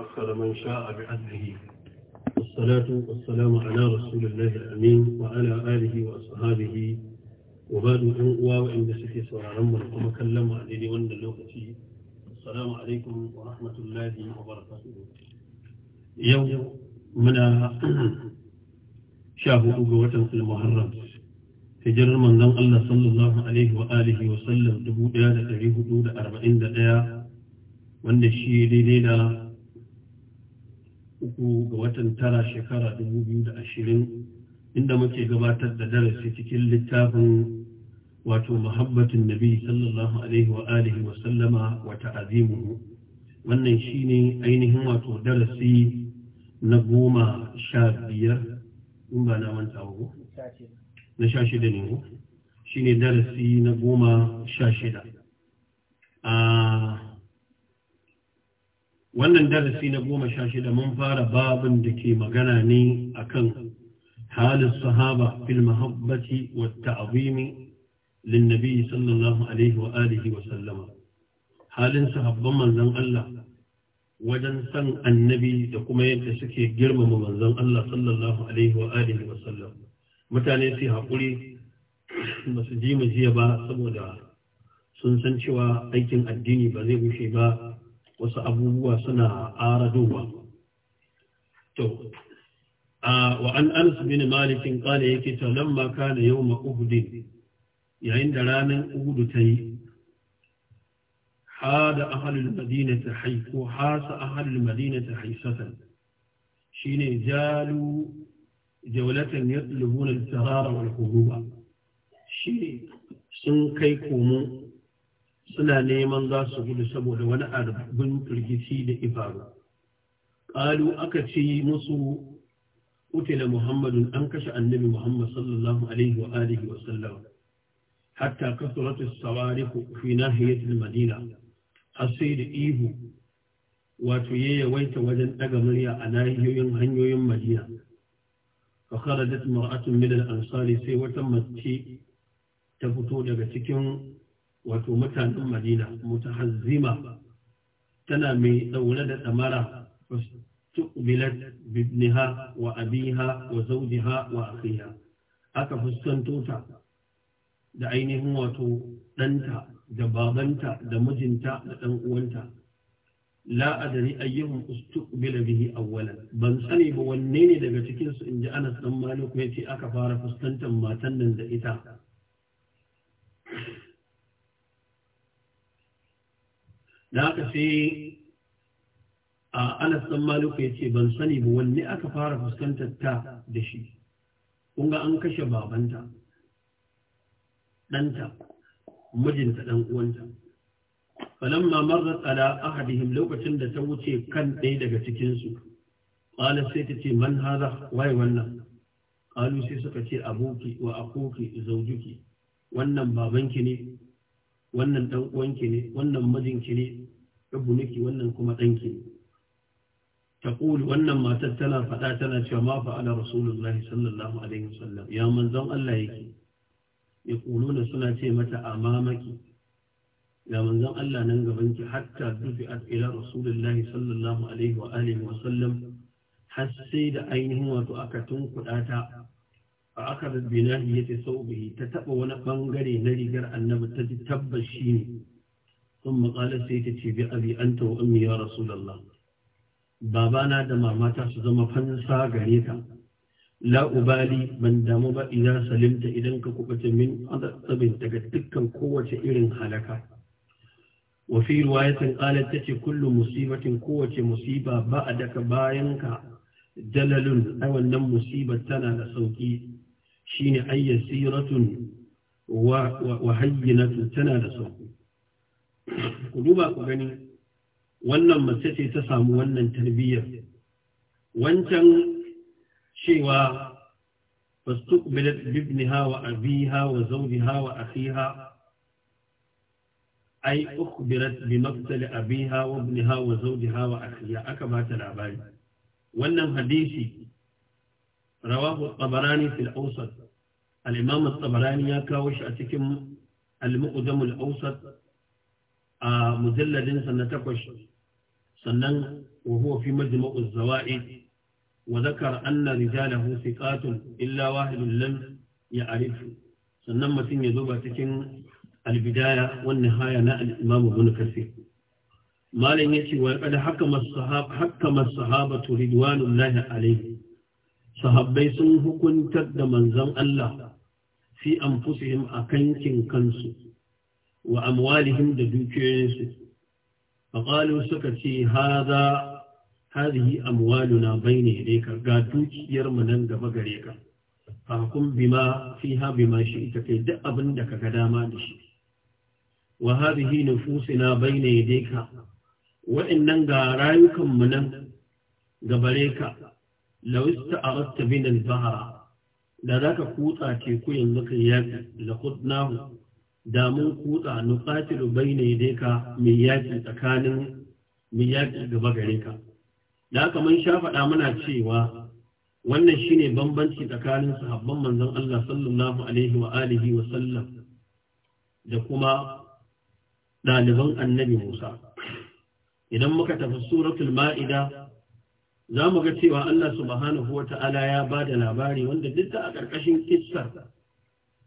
أكثر من شاء بأذنه والصلاة والسلام على رسول الله الأمين وعلى آله وأصحابه وبعد أن أواوى إن سكي سوارم ولكم كلم عليه وند اللوكتي السلام عليكم ورحمة الله وبركاته يوم من شاهد قوة المحرم hijirar manzon Allah sallallahu Alaihi wa alihi wa sallam 1441 wanda shi daidai da uku ga watan tara shekara 2020 inda muke gabatar da darasi cikin littafin wato muhabbatin nabi sallallahu alaihi wa alihi wa sallama wa ta'azimuhu wannan shine ainihin wato darasi na goma sha biyar in ba na manta ba na sha shida ne shine darasi na goma sha shida ah, wannan darasi na goma sha shida mun fara babin da ke magana ne akan halin sahaba fil mahabbati wa ta'zimi lin nabi sallallahu alaihi wa alihi wa sallama halin sahabban manzon Allah wajen san annabi da kuma yadda suke girmama manzon Allah sallallahu alaihi wa alihi wa sallam mutane su haƙuri ba su ji mu jiya ba saboda sun san cewa aikin addini ba zai gushe ba wasu abubuwa suna aradowa to a an anas bin malikin kala yake talon maka na yawma uhud yayin da ranar uhud ta yi hada ahlul madinati haiku hasa madina ta haisatan shine jalu jawlatan yatlubuna al-sarara wal huruba shi sun kai komo suna neman za su gudu saboda wani arbin rikici da ifara. ƙalu aka ce musu utila muhammadun an kashe annabi muhammad sallallahu alaihi wa alihi wa sallam hatta kasuratu sawariku fi nahiyatul madina har da ihu wato ya yawaita wajen ɗaga murya a nahiyoyin hanyoyin madina fa kharadat mar'atun min al-ansari sai wata mace ta fito daga cikin wato mutanen madina mutahazzima tana mai daure da samara tuqbilat bibniha wa abiha wa wa akhiha aka fuskanto ta da ainihin wato ɗanta da babanta da mijinta da ɗan uwanta la adri ayyuhum ustuqbila bihi awwalan ban sani ba wanne ne daga cikin su inji Anas dan Malik ce aka fara fuskantar matan nan da ita da aka sai a anas dan maluka ya ce ban sani ba wanne aka fara fuskantar ta da shi kunga an kashe babanta ɗanta mijinta ɗan uwanta da tsada a ahadihim lokacin da ta wuce kan ɗaya daga cikinsu qala sai ta ce man haza wai wannan ƙalu sai suka ce aboki wa akoki zaujuki wannan babanki ne wannan dan uwanki ne wannan mijinki ne ibnuki wannan kuma danki ne ta wannan وانما tana فدا tana cewa ma fa'ala rasulullahi sallallahu alaihi wasallam ya manzon Allah yake yaquluna suna ce mata amamaki ya manzon Allah nan gaban ki hatta dufi'at ila rasulullahi sallallahu alaihi wa alihi wasallam har sai da ainihin wato aka tunkuda ta fa aka binahi yace saubihi ta taba wani ɓangare na rigar annabi ta ji tabbas shi ne. sun maƙalar sai ta ce bi abi an ta ummi ya rasulallah babana da mamata su zama fansa gare ka la ubali ban damu ba idan salimta idan ka kubuta min azabin daga dukkan kowace irin halaka wa fi riwayatin qalat tace kullu musibatin kowace musiba bayan bayanka dalalun ai wannan musibar tana da sauki shine ayyasiratun wa wa hayyinatu tana da sauki ku duba ku gani wannan mace ce ta samu wannan tarbiyyar wancan cewa fastuqbilat bibniha wa abiha wa zawjiha wa akhiha ai ukhbirat bi maqtal abiha wa ibniha wa zawjiha wa akhiha aka ba ta labari wannan hadisi rawahu at-tabarani fi al-awsat al-imam at-tabarani ya kawo shi a cikin al-muqaddam al-awsat a mujalladinsa na takwas sannan wa huwa fi majma'u zawa'i wa zakar anna rijalahu thiqatun illa wahidun lam sannan mutum ya zuba cikin albidaya wan nihaya na al-imam ibn kasir malam yace wa qad hakama as-sahaba hakama as-sahaba ridwanullahi alayhi sahabbai sun hukuntar da manzon Allah fi anfusihim akan kin kansu wa amwalihim da dukiyoyinsu faƙalu suka ce haza hazihi amwaluna bayne ne ka ga dukiyar nan gaba gare ka fahkum bima fiha bima shi ita kai duk abin da kaga dama da shi wa hadhihi nufusina bayna yadayka wa'annan ga rayukan mu nan gabare ka law ista'aradta bina al-bahra da zaka kutsa teku yanzu kai yaki la da mun kutsa ne bayna yadayka mai yaki tsakanin mai yaki gaba gare ka da haka mun sha faɗa muna cewa wannan shine bambanci tsakanin sahabban manzon Allah sallallahu alaihi wa alihi wa sallam da kuma ɗaliban annabi Musa idan muka tafi suratul ma'ida za mu ga cewa Allah subhanahu wa ta'ala ya ba da labari wanda duk a ƙarƙashin kissar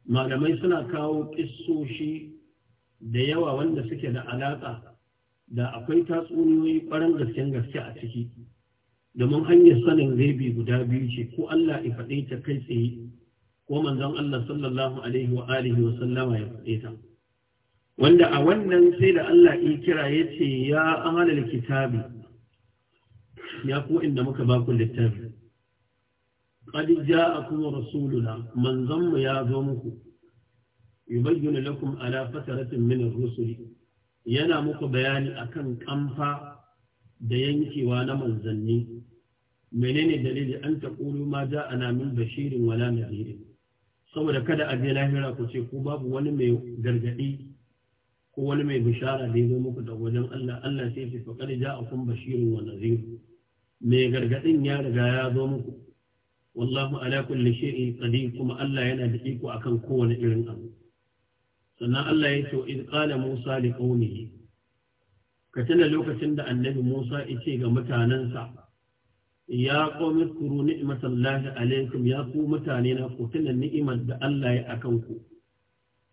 malamai suna kawo ƙissoshi da yawa wanda suke da alaƙa da akwai tatsuniyoyi ƙwarar gasken gaske a ciki domin hanyar sanin zai guda biyu ce ko Allah ya faɗe ta kai tsaye ko manzon Allah sallallahu alaihi wa alihi wa sallama ya faɗe ta wanda a wannan sai da Allah ya kira ya ce ya amalar kitabi ya ku inda muka baku littafi قد جاءكم رسولنا من ضم يا ذومكم يبين لكم على فترة من الرسل yana muku bayani akan kamfa da yankewa na manzanni menene dalili an ta ƙulu ma ja ana min bashirin wala nadirin saboda kada a je lahira ku ce ku babu wani mai gargaɗi ko wani mai bishara da ya zo muku da wajen Allah Allah sai ce fa kada ja akum bashirin wa nadirin mai gargaɗin ya riga ya zo muku wallahu ala kulli shay'in qadir kuma Allah yana da iko akan kowane irin abu sannan Allah ya ce id qala Musa li qaumihi ka tuna lokacin da annabi Musa ya ce ga mutanansa ya qaumi kuru ni'matallahi alaikum ya ku mutane na ku tuna ni'imar da Allah ya akan ku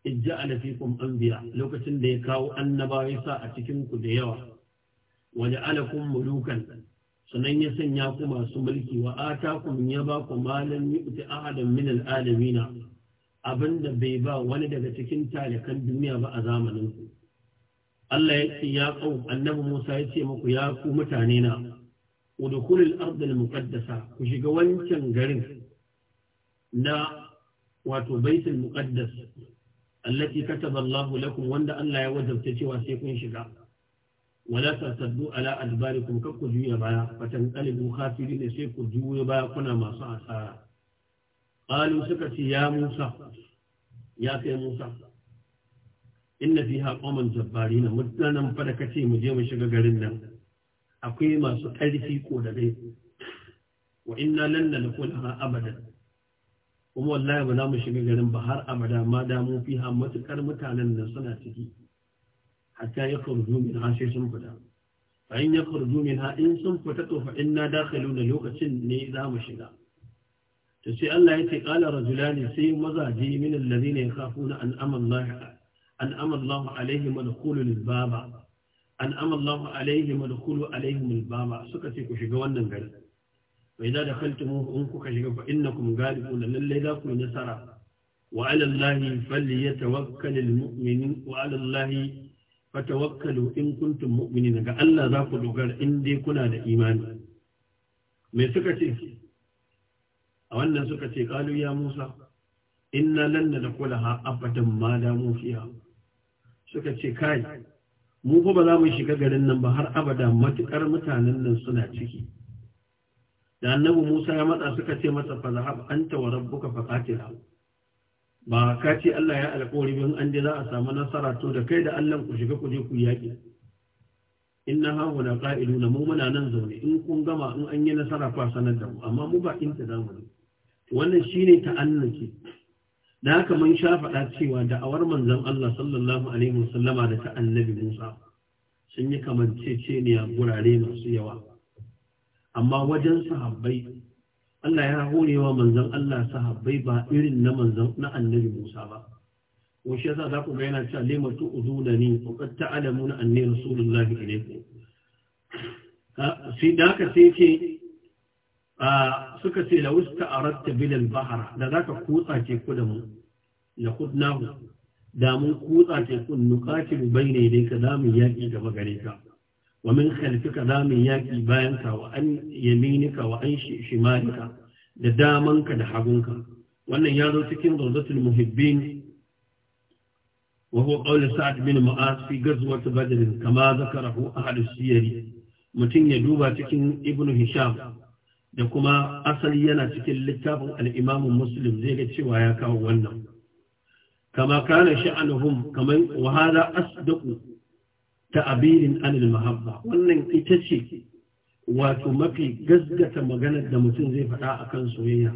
ijja'ala fikum anbiya lokacin da ya kawo annabawa sa a cikin ku da yawa waja'alakum mulukan sannan ya sanya ku masu mulki wa ku ya ba ku malan yu'ti ahadan min al'alamina da bai ba wani daga cikin talikan duniya ba a zamanin ku Allah ya ce ya kau annabi Musa ya ce muku ya ku mutane na udkhulul ard al-muqaddasa ku shiga wancan garin na wato baitul muqaddas allati kataballahu lakum wanda Allah ya wajabta cewa sai kun shiga wala tasaddu ala adbarikum kar ku juya baya fatan qalibu ne sai ku juya baya kuna masu asara qalu suka ce ya Musa ya kai Musa inna fiha qauman jabbarin mutanen fa da kace mu je mu shiga garin nan akwai masu ƙarfi ko da dai wa inna lan nadkhulha abadan kuma wallahi ba za mu shiga garin ba har abada ma da mu fiha matukar mutanen nan suna ciki hatta ya kurzu min ha sai sun fita bayan ya kurzu min ha in sun fita to fa inna dakhilu da lokacin ne za mu shiga to sai Allah ya ce qala sai mazaji min alladhina yakhafuna an an amalla alaihim madkhulul baba an suka ce ku shiga wannan gari bai da dakhaltumu in kuka shiga fa innakum ghalibuna lallai za ku nasara وعلى الله فليتوكل المؤمنين وعلى الله fatawakkalu in kuntum mu'minin ga Allah za ku dogara in dai kuna da imani me suka ce a wannan suka ce qalu ya Musa inna lan nadkhulaha abadan ma damu fiha suka ce kai mu fa ba za mu shiga garin nan ba har abada matukar mutanen nan suna ciki da annabi Musa ya matsa suka ce masa fa zahab anta wa rabbuka faqatila ba ka ce Allah ya alƙawari bin an je za a samu nasara to da kai da Allah ku shiga ku je ku yaƙi inna ha wala na mu muna nan zaune in kun gama in an yi nasara fa sanar da mu amma mu ba in ta zamu wannan shine ta'annuki da haka mun sha faɗa cewa da'awar manzon Allah sallallahu alaihi wasallama da ta annabi Musa sun yi kamanceceniya gurare masu yawa amma wajen sahabbai Allah ya wa manzon Allah sahabbai ba irin na manzon na annabi Musa ba wa shi yasa za ku ga yana cewa limatu ni wa qad ta'lamuna anni rasulullahi ilaykum sai da haka sai ce suka ce la wusta aratta bil bahra da zaka kutsa ce ku da mu la khudnahu da mun kutsa ce ku nukatilu bayne dai ka zamu yaki gaba gare ka wa min khalfika zamin yaki bayan ka wa an wa an shimalika da damanka da hagunka wannan ya zo cikin rawdatul muhibbin wa huwa qawl sa'd bin mu'az fi ghazwat badr kama zakarahu ahad as-siyar mutum ya duba cikin ibnu hisham da kuma asali yana cikin littafin al'imamin imam muslim zai ga cewa ya kawo wannan kama kana sha'anuhum kaman wa hada asdaqu ta'abirin anil mahabba wannan ita ce wato mafi gasgata maganar da mutum zai faɗa a kan soyayya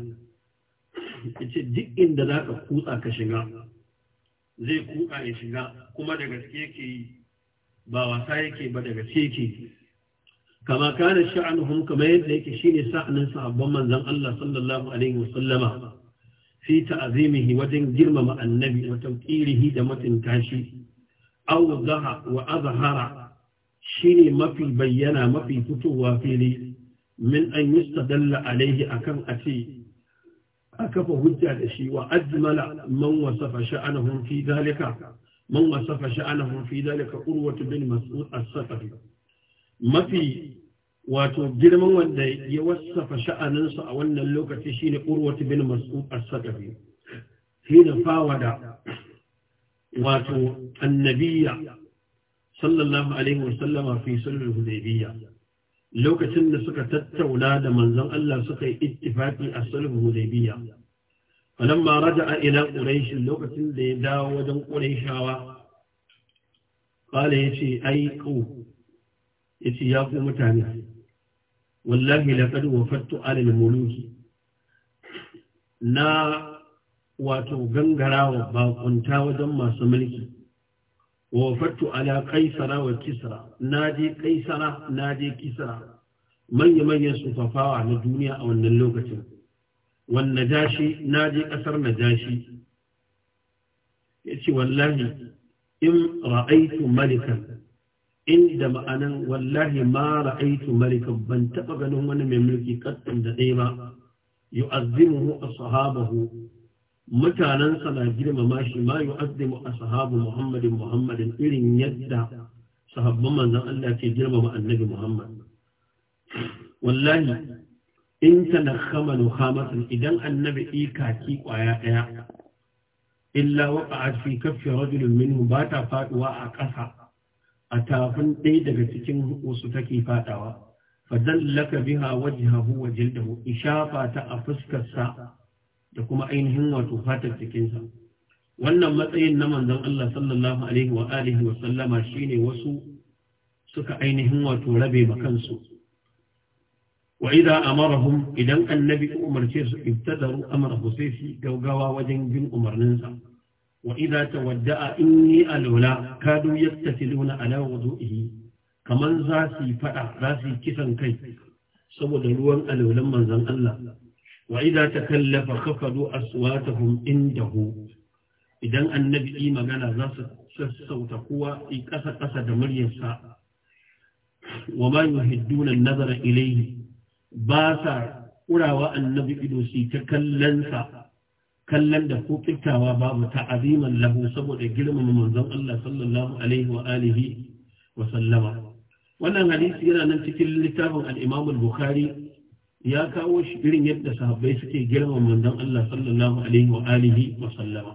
ce duk inda za ka kutsa ka shiga zai kuka ya shiga kuma da gaske yake yi ba wasa yake ba da gaske yake kama kana sha'anuhum kamar yadda yake shine sa'anin sahabban manzon Allah sallallahu alaihi wa sallama fi ta'azimihi wajen girmama annabi wa tawqirihi da mutunta shi awdaha wa shi ne mafi bayyana mafi fitowa fili min an yustadalla alaihi akan a ce a kafa hujja da shi wa ajmala man wasafa sha'anahum fi dalika man wasafa sha'anahum fi dalika urwatu bin mas'ud as-saqafi mafi wato girman wanda ya wasafa sha'aninsa a wannan lokaci shine urwatu bin mas'ud as-saqafi hina fawada wato annabiya sallallahu alaihi wasallama fi sulhul hudaybiyya lokacin da suka tattauna da manzon Allah suka yi ittifaqi a sulhul hudaybiyya falamma raja'a ila quraish lokacin da ya dawo wajen quraishawa qala yace ai ku yace ya ku mutane wallahi laqad wafattu ala al-muluki na wato gangarawa bakunta wajen masu mulki wafattu ala kaisara wa kisra na je kaisara na je kisra manya-manyan sufafawa na duniya a wannan lokacin wanda jashi na je kasar na jashi ya ce wallahi in ra'aitu malikan inda ma'anan wallahi ma ra'aitu malikan ban taɓa ganin wani mai mulki kattan da ɗaya ba yu'azzimuhu ashabahu mutanensa na girmama shi ma yu'azzimu ashabu muhammadin muhammadin irin yadda sahabban manzan Allah ke girmama annabi muhammad wallahi in kama nukhamatan idan annabi ikaki kwaya daya illa waqa'at fi kaffi rajulin minhu ba ta faduwa a ƙasa a tafin ɗaya daga cikin wasu take fadawa fadallaka biha wajhahu wa jildahu ishafa ta a fuskarsa da kuma ainihin wato fatar jikinsa wannan matsayin na manzon Allah sallallahu alaihi wa alihi wa sallama shine wasu suka ainihin wato rabe makansu kansu wa idza amarahum idan annabi umarce su ibtadaru amrahu sai su gaugawa wajen bin umarninsa wa idza tawadda'a inni alula kadu yattasiluna ala wudu'ihi kaman za su yi fada za su yi kisan kai saboda ruwan alulan manzon Allah وإذا تكلف خفضوا أصواتهم عنده إذا النبي إي مغانا ذا سسوت قوة إي كسا كسا دمريسا وما يهدون النظر إليه باسا قراوا النبي إدوسي تكلنسا kallon da ko kiftawa babu ta'aziman lahu saboda girmama manzon Allah sallallahu alaihi wa alihi wa wannan hadisi yana nan cikin littafin al-Imam bukhari ya kawo shi irin yadda sahabbai suke girma manzon Allah sallallahu alaihi wa alihi wa sallama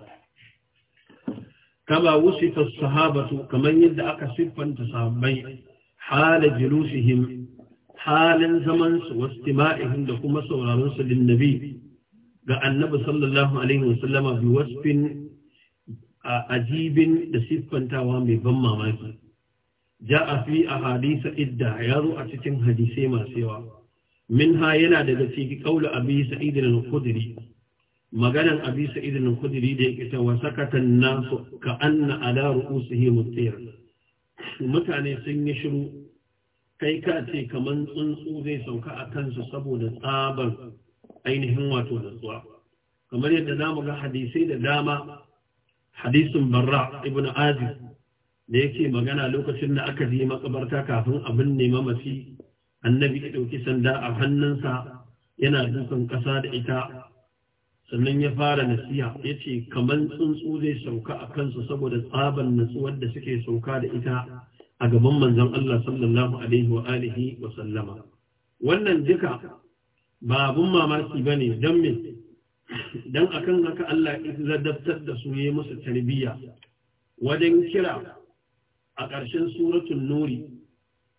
kama wusifa sahabatu kamar yadda aka siffanta sahabbai hala julusihim halin zaman su wastima'ihim da kuma sauraron su linnabi, nabi ga annabi sallallahu alaihi wa sallama bi wasfin ajibin da siffantawa mai ban mamaki a fi hadisa idda ya zo a cikin hadisai masu yawa Minha daga ciki دغتي قول أبي سعيد Kudiri. maganan abi sa'id al-khudri da yake ta wasakata nasu ka anna ala ru'usihim at mutane sun yi shiru kai ka ce kaman tsuntsu zai sauka a kansu saboda tsabar ainihin wato natsuwa kamar yadda zamu ga hadisai da dama hadisin barra ibn azib da yake magana lokacin da aka je makabarta kafin abin ne mamaci annabi ya ɗauki sanda a hannunsa yana dukan ƙasa da ita sannan ya fara nasiha ya ce kamar tsuntsu zai sauka a kansu saboda tsaban natsuwar da suke sauka da ita a gaban manzon Allah sallallahu alaihi wa alihi wa sallama wannan duka ba abun mamaki bane dan me dan akan haka Allah ya zaddabtar da su yayi musu tarbiyya wajen kira a ƙarshen suratul nuri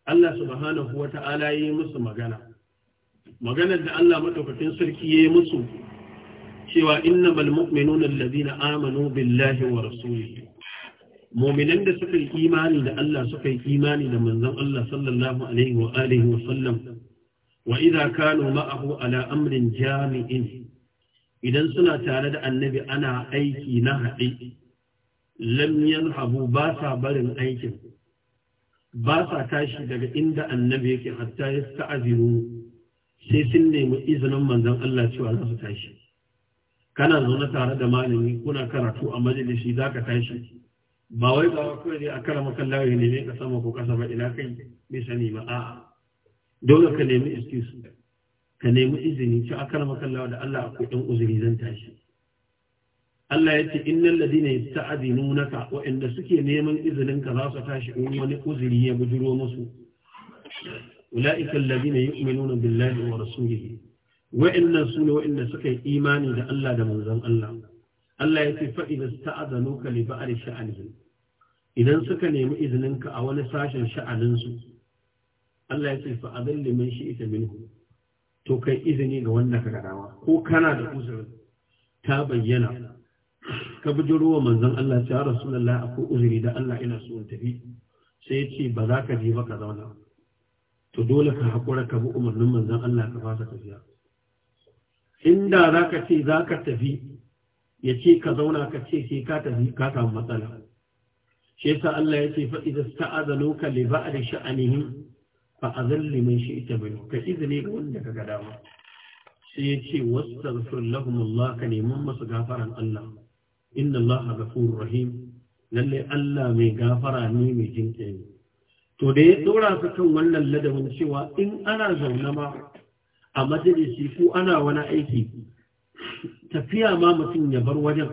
Allah subhanahu wa ta'ala ya yi musu magana maganar da Allah madaukakin sarki ya yi musu cewa innamal mu'minuna allazina amanu billahi wa rasulihi mu'minan da suka yi imani da Allah suka yi imani da manzon Allah sallallahu alaihi wa alihi wa sallam wa idza kanu ma'ahu ala amrin jami'in idan suna tare da annabi ana aiki na haɗi. lam yanhabu ba sa barin aikin ba sa tashi daga inda annabi yake hatta ya sta'azinu sai sun nemi izinin manzon Allah cewa za su tashi kana zaune tare da malami kuna karatu a majalisi za ka tashi ba wai ba kawai dai a kara makan lawaye ne ka sama ko kasa ba ina kai bai sani ba a'a dole ka nemi excuse ka nemi izini ci a kara makan da Allah akwai ɗan uzuri zan tashi Allah ya ce innal ladina yasta'dinunaka wa Waɗanda suke neman izininka za su tashi in wani uzuri ya bujuro musu ulaika alladina yu'minuna billahi wa rasulihi wa inna sunu wa inna suka yi imani da Allah da manzon Allah Allah ya ce faɗi fa idza sta'danuka li ba'd sha'ani. idan suka nemi izininka a wani sashen sha'anin Allah ya ce fa adalli shi ita minhu to kai izini ga wanda ka gadawa ko kana da uzurin ta bayyana ka bijiro wa manzon Allah ya Rasulullah akwai uzuri da Allah ina so in tafi sai ya ce ba za ka je ba ka zauna to dole ka haƙura ka bi umarnin manzon Allah ka fasa tafiya inda za ka ce za ka tafi ya ce ka zauna ka ce sai ka tafi ka samu matsala shi yasa Allah ya ce fa idza sta'azanuka li ba'd sha'anihim fa azan liman shi'ta minhu ka izini ga wanda ka ga dama sai ya ce wastaghfir lahum ka neman masu gafaran Allah inna Allah ghafurur rahim lalle Allah mai gafara ne mai jinƙe ne to da ya dora su kan wannan ladabin cewa in ana zaune ma a majalisi ko ana wani aiki tafiya ma mutum ya bar wajen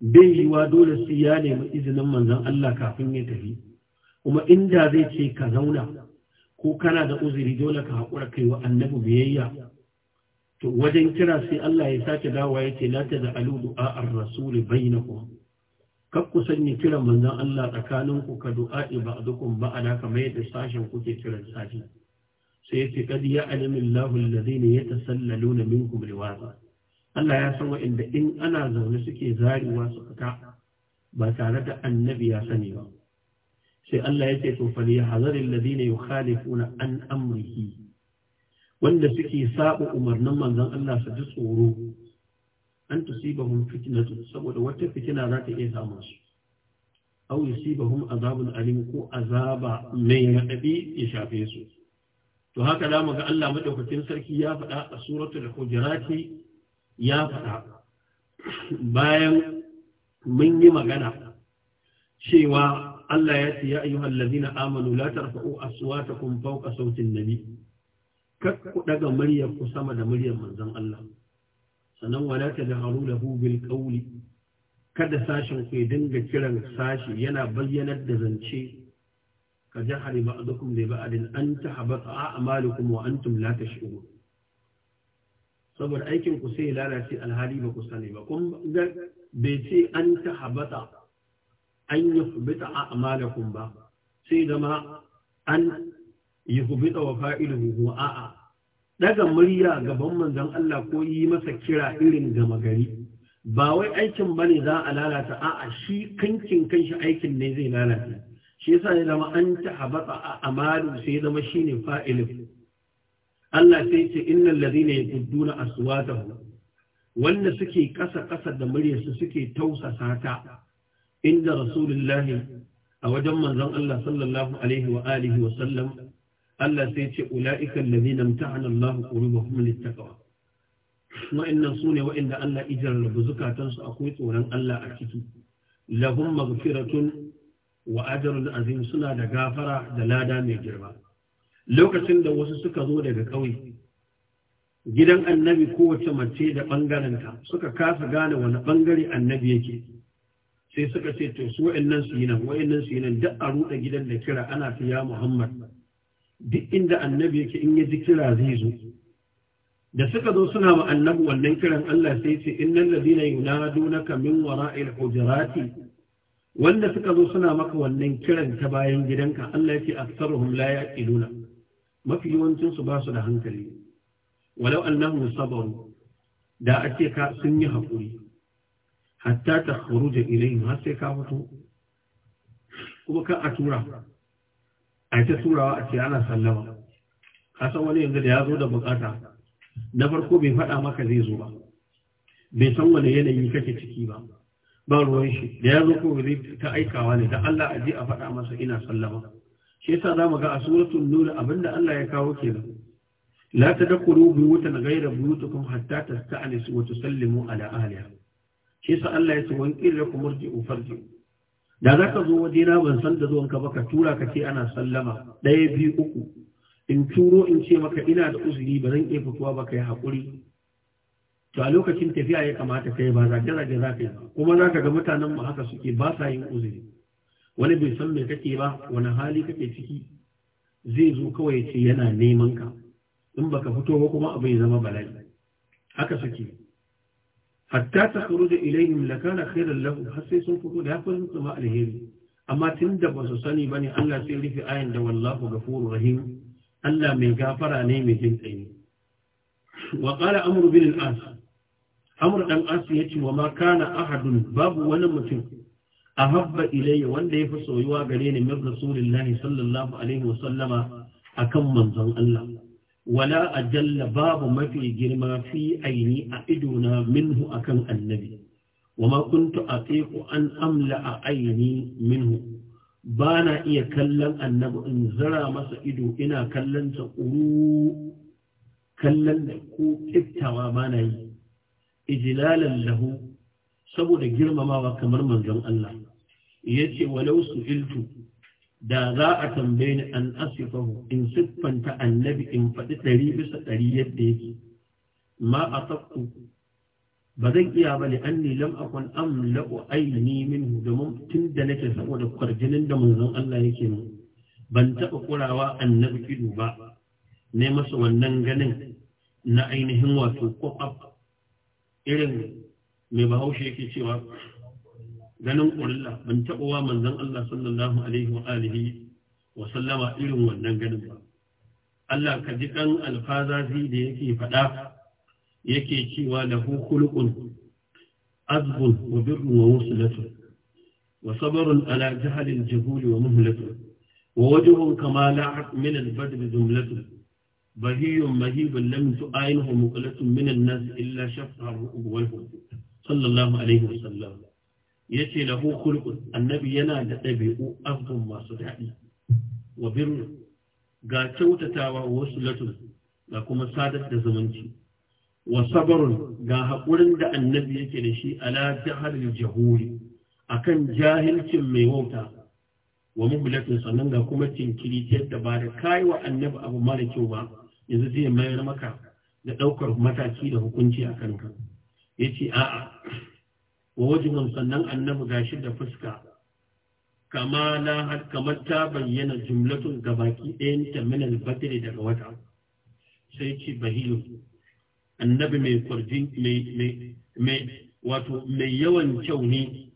bai yiwa dole sai ya nemi izinin manzon Allah kafin ya tafi kuma inda zai ce ka zauna ko kana da uzuri dole ka haƙura kai wa annabi biyayya to wajen kira sai Allah ya sake dawa ya ce la ta za'alu du'a'ar rasul bainakum kar ku sanya kiran manzon Allah tsakanin ku ka du'a'i ba'dukum ba'ada kamar yadda sashen kuke kiran sashi sai ya ce kad ya'lamu Allahu alladhina yatasallaluna minkum liwaza Allah ya san wa'inda in ana zaune suke zarewa su fita ba tare da annabi ya sani ba sai Allah ya ce to fal yahzaril ladina yukhalifuna an amrihi wanda suke saba umarnin manzon Allah su ji tsoro an tusibahum fitnatu saboda wata fitina za ta iya samun su aw yusibahum azabun alim ko azaba mai radadi ya shafe su to haka da mu ga Allah madaukakin sarki ya faɗa a suratul hujurati ya faɗa bayan mun yi magana cewa Allah ya ce ya ayyuhal ladina amanu la tarfa'u aswatakum fawqa sautin nabi kakku ku daga muryar ku sama da muryar manzon Allah sannan wala tajharu lahu bil qawli kada sashin ku dinga kiran sashi yana bayyanar da zance ka jahari ba'dukum li ba'din an tahabata a'malukum wa antum la tash'urun saboda aikin ku sai lalace alhali ba ku sani ba kun ga bai ce an tahabata an yi bita a'malakum ba sai zama an yuhbita wa fa'iluhu huwa a'a daga murya gaban manzon Allah ko yi masa kira irin gama gari ba wai aikin bane za a lalata a'a shi kankin kanshi aikin ne zai lalata shi yasa ya zama an ta habata a amalu sai zama shine fa'ilu. Allah sai ce innal ladina yaqudduna aswatahum wanda suke kasa kasa da muryarsu suke tausasa ta inda rasulullahi a wajen manzon Allah sallallahu alaihi wa alihi wa sallam Allah sai ce ula'ika allazina imtahana Allah qulubahum littaqwa wa'annan sune wa'anda Allah ijar rabu zukatansu akwai tsoron Allah a ciki lahum maghfiratun wa ajrun azim suna da gafara da lada mai girma lokacin da wasu suka zo daga ƙauye gidan annabi kowace mace da ɓangarenta suka kasa gane wani ɓangare annabi yake sai suka ce to su wa'annan su yi nan wa'annan su yi nan duk a ruɗe gidan da kira ana fiya muhammad duk inda annabi yake in ya ji kira zai zo da suka zo suna ma annabi wannan kiran Allah sai ce innal ladina yunadunaka min wara'il hujurati wanda suka zo suna maka wannan kiran ta bayan gidanka Allah yake aktsaruhum la yaqiluna mafi yawancin su ba su da hankali walau annahum sabaru da ake ka sun yi hakuri hatta ta khuruja ilayhim har sai ka fito kuma ka a tura a ta turawa a ce ana sallama kasan wani yanzu da ya zo da bukata na farko bai faɗa maka zai zo ba bai san wani yanayi kake ciki ba ba ruwan shi da ya zo kuma zai ta aikawa ne da Allah a je a faɗa masa ina sallama shi yasa zamu ga a suratul nur abinda Allah ya kawo kenan la tadkhulu buyutan ghayra buyutikum hatta tasta'nisu wa tusallimu ala ahliha shi yasa Allah ya ce wa in qila farji'u da za ka zo wajena ban san da zuwanka ba ka tura ka ce ana sallama ɗaya biyu uku in turo in ce maka ina da uzuri ba zan iya fitowa ba ka yi haƙuri to a lokacin tafiya ya kamata ka yi ba zage-zage za ka yi kuma za ka ga mutanen mu haka suke ba sa yin uzuri wani bai san me kake ba wani hali kake ciki zai zo kawai ce yana neman ka in baka fito ba kuma abu ya zama bala'i haka suke hatta ta kuru da ilayhim la kana khairan har sai sun fito da ya kusa su alheri amma tunda ba su sani ne Allah sai rufe ayan da wallahu ghafurur rahim Allah mai gafara ne mai jin tsaye wa qala amru bin as amru ɗan as yace wa ma kana ahadun babu wani mutum a ahabba ilayya wanda ya fi soyuwa gare ni min rasulillahi sallallahu akan manzon Allah wala a Jalla babu mafi girma fi aini a idona minhu akan annabi wama kuntu atiqu an amla a aini minhu ba na iya kallon annabi in zara masa ido ina kallon sa ƙuru kallon da ko tsiftawa ba na yi ijilalan lahu saboda girmamawa kamar manzon Allah yace walau su iltu da za a tambaye ni an asifahu in siffanta annabi in faɗi ɗari bisa ɗari yadda yake ma a tafku ba zan iya ba ne an nilam akwai am la'u aini min domin tun da nake saboda kwarjinin da manzon Allah yake mu ban taɓa kurawa annabi ido ba ne masa wannan ganin na ainihin wato kwakwaf irin mai bahaushe yake cewa ganin ƙulla ban taɓa wa manzon Allah sallallahu alaihi wa alihi wa sallama irin wannan ganin ba Allah ka ji ɗan alfazazi da yake faɗa yake cewa lahu khuluqun azbun wa birrun wa wuslatun wa sabrun ala jahalil jahuli wa muhlatun wa wajhun kama la'at min al-badr jumlatun بهي مهيب لم تعاينه min من الناس إلا شفع الرؤوب والهدوء Sallallahu alaihi wa sallam. ya ce lahu kulkun annabi yana da ɗabi'u abun masu daɗi wa birnin ga kyautatawa wasu latun ga kuma sadar da zumunci wa sabarun ga haƙurin da annabi yake da shi ala jihar jahuri akan jahilcin mai wauta wa muhulatin sannan ga kuma cinkiri yadda ba da kayi wa annabi abu mara kyau ba yanzu zai mayar maka da ɗaukar mataki da hukunci a kanka ya ce a'a wajihun sannan annabi gashi da fuska kama la kamar ta bayyana jumlatun gabaki ɗayanta ta minal daga wata sai ce bahilu annabi mai kwarjin mai mai wato mai yawan kyau ne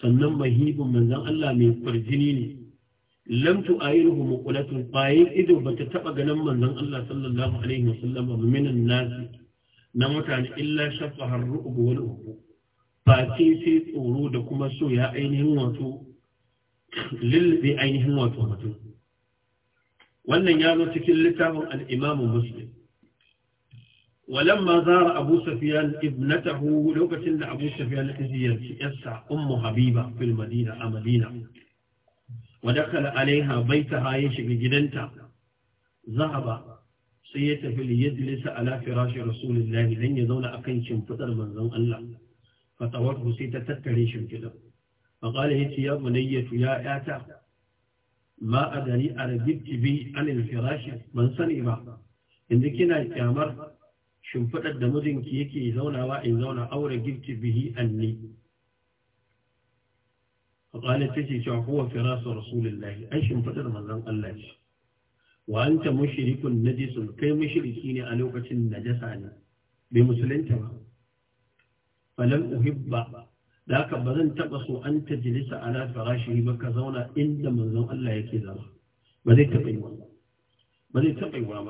sannan mahibin manzon Allah mai kwarjini ne lam tu'ayiruhu muqlatun bayin ido bata taba ganin manzon Allah sallallahu alaihi wasallam minan nasi na mutane illa shafaha ar-ru'b wal Baki sai tsoro da kuma so ya ainihin wato lilbe ainihin wato mutum wannan ya zo cikin littafin al'imamu muslim walamma zara abu safiyan ibnatahu lokacin da abu safiyan ziyarci yarsa ummu habiba fil madina a madina wadakala alaiha baitaha ya shiga gidanta zahaba sai ya tafi liyajlisa ala firashi rasulillahi dan ya zauna akan shimfidar manzon Allah fatawar sai ta tattare shimfidan. faƙali ya ce ya bunayyatu ya ƴata ma a dari a rabibti bi anil firashi ban sani ba yanzu kina kyamar shimfiɗar da mijinki yake zaunawa in zauna aure gibti bihi anni faƙali ta ce cewa kowa firasa rasulullahi an shimfidar manzan Allah ce wa na mushrikun najisun kai mushriki ne a lokacin najasa ne bai musulunta ba falan uhibba da haka ba zan taba so an ta jilisa ala farashi ba ka zauna inda manzon Allah yake zama ba zai taɓa yi ba ba zai taɓa yi ba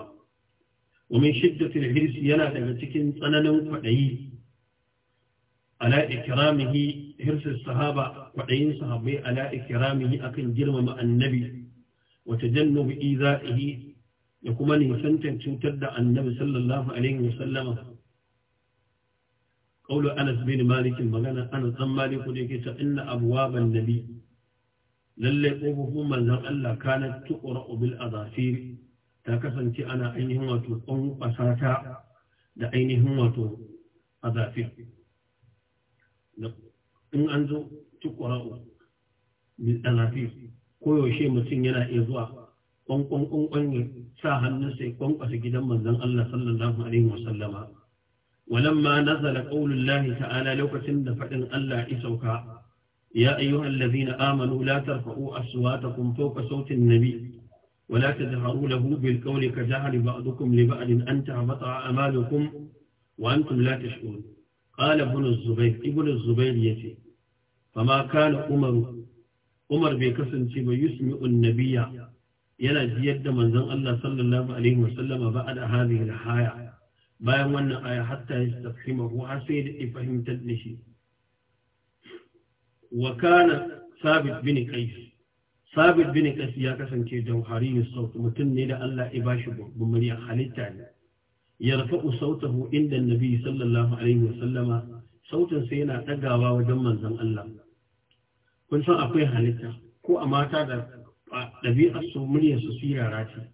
wa min shiddatil hirs yana daga cikin tsananin kwaɗayi ala ikramihi hirsus sahaba kwaɗayin sahabbai ala ikramihi akan girmama annabi wa tajannubi iza'ihi da kuma nisantar cutar da annabi sallallahu alaihi wa sallama قول أنس بن مالك مغانا أنا أم مالك ليكيس إن أبواب النبي للي قوفه من ذر ألا كانت تقرأ بالأضافير تاكسا أنا أينهما تقوم أساسا da ainihin wato a zafi in an zo ci ƙura'u a zafi koyaushe mutum yana iya zuwa ƙwanƙwanƙwanƙwan ya sa hannunsa ya ƙwanƙwasa gidan manzan Allah sallallahu alaihi wasallama sallama ولما نزل قول الله تعالى لو كسند فإن الله إسوكا يا أيها الذين آمنوا لا ترفعوا أصواتكم فوق صوت النبي ولا تجهروا له بالقول كجهر بعضكم لبعض أن تهبط أعمالكم وأنتم لا تشعرون قال ابن الزبير ابن الزبير يتي فما كان عمر عمر بكسن ما يسمع النبي يلا جيد من زن الله صلى الله عليه وسلم بعد هذه الحياة bayan wannan aya hatta yastafhimahu har sai da fahimtar da shi wa kana sabit bin qais sabit bin qais ya kasance jauhari sauti mutum ne da Allah ya bashi babban halitta ne yarfa'u sautahu inda annabi sallallahu alaihi wasallama sautin sai yana dagawa wajen manzon Allah kun san akwai halitta ko a mata da ɗabi'ar su muryar su sirara ce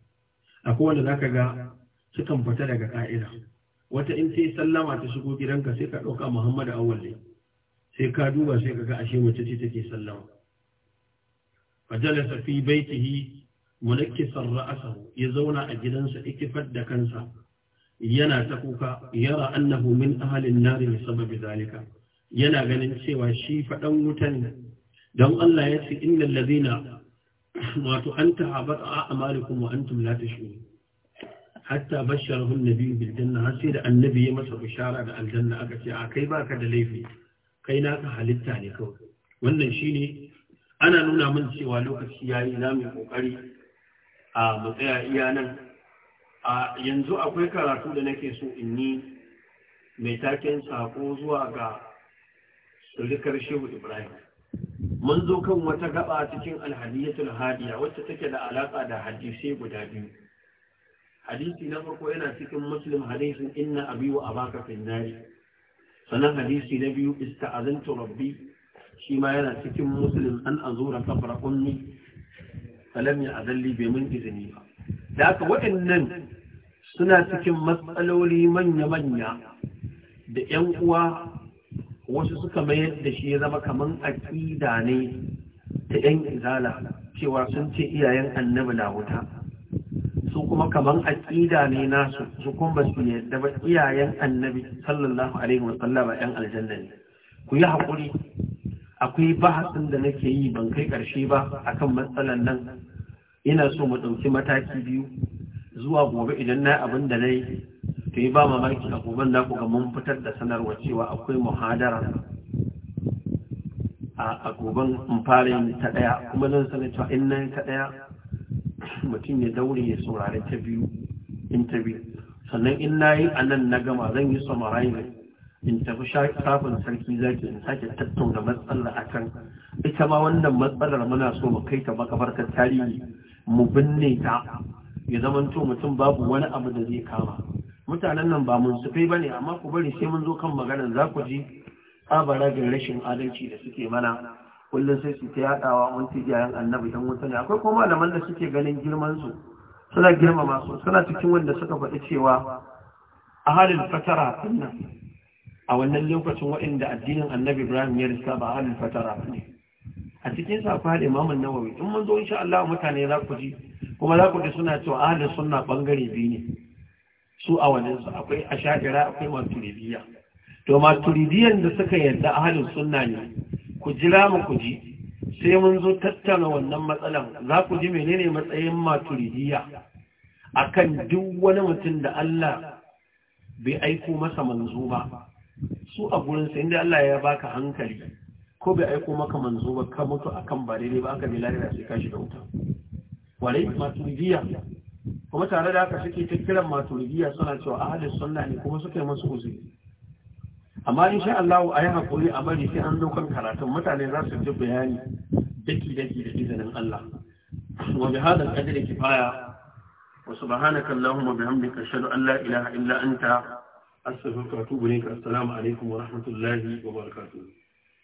akwai wanda zaka ga sukan fita daga ka'ida wata in sai sallama ta shigo gidanka sai ka ɗauka Muhammadu awwal ne sai ka duba sai ka ga ashe mace ce take sallama fajalasa fi baitihi munakkisar ra'asa ya zauna a gidansa ikifar da kansa yana ta kuka yara annahu min ahalin nari bi sababi zalika yana ganin cewa shi faɗan wutan ne don Allah ya ce innal ladina wato anta habata a'malikum wa antum ta tashurun hatta basharahu an-nabi bil har sai da annabi ya masa bishara da aljanna aka ce a kai baka da laifi kai na ka halitta ne kawai wannan shine ana nuna min cewa lokaci yayi na mai ƙoƙari. a mu tsaya nan a yanzu akwai karatu da nake so in yi mai taken sako zuwa ga surikar shehu ibrahim mun zo kan wata gaba cikin alhadiyatul hadiya wacce take da alaka da hadisai guda biyu hadisi na farko yana cikin muslim hadisin inna abi wa abaka fil nari sanan hadisi na biyu ista'azantu rabbi shi ma yana cikin muslim an azura kabra ummi falam ya azalli bai mun izini ba da haka waɗannan suna cikin matsaloli manya-manya da 'yan uwa wasu suka mayar da shi ya zama kamar aƙida ne ta 'yan izala cewa sun ce iyayen annabi na wuta su kuma kaman aƙida ne nasu su kuma ba su yadda ba iyayen annabi sallallahu alaihi wa sallama ɗan aljanna ne ku yi haƙuri akwai bahasin da nake yi ban kai karshe ba akan matsalan nan ina so mu ɗauki mataki biyu zuwa gobe idan na abin da na yi to yi ba mamaki a goben na ga mun fitar da sanarwa cewa akwai muhadara a goben in fara yin ta ɗaya kuma zan sanar cewa in na ta ɗaya mutum ya daure ya saurari ta biyu interview sannan in na yi a nan na gama zan yi summarizing in tafi shafin sarki zaki in sake tattauna matsala akan ita ma wannan matsalar muna so mu kai ta makabartar tarihi mu binne ta ya zamanto mutum babu wani abu da zai kama mutanen nan ba mun sufai ba ne amma ku bari sai mun zo kan maganar za ku ji tsabara rashin adalci da suke mana kullum sai su ta yadawa mun ci annabi dan wuta ne akwai kuma malaman da suke ganin girman su suna girmama su suna cikin wanda suka faɗi cewa a halin fatara kunna a wannan lokacin waɗanda addinin annabi Ibrahim ya riska ba halin fatara ne a cikin sa fa Imam an-Nawawi in mun zo insha Allah mutane za ku ji kuma za ku ji suna cewa ahli sunna bangare biyu ne su a wannan su akwai asha'ira akwai maturidiyya to maturidiyan da suka yarda ahlus sunna ne ku jira mu ku ji sai mun zo tattauna wannan matsalan za ku ji menene matsayin maturidiyya akan duk wani mutum da Allah bai aiko masa manzo ba su a gurin sai inda Allah ya baka hankali ko bai aiko maka manzo ba ka mutu akan ba daidai ba aka bi lahira sai ka shiga wuta wale maturidiyya kuma tare da haka suke ta kiran maturidiyya suna cewa ahadin sunna ne kuma suke masu uzuri amma insha Allah a yi hakuri a bari sai an dokan karatun mutane za su ji bayani daki daki da izinin Allah wa bi hada qadri kifaya wa subhanaka allahumma bihamdika ashhadu an la ilaha illa anta astaghfiruka wa atubu ilaik assalamu alaikum wa rahmatullahi wa barakatuh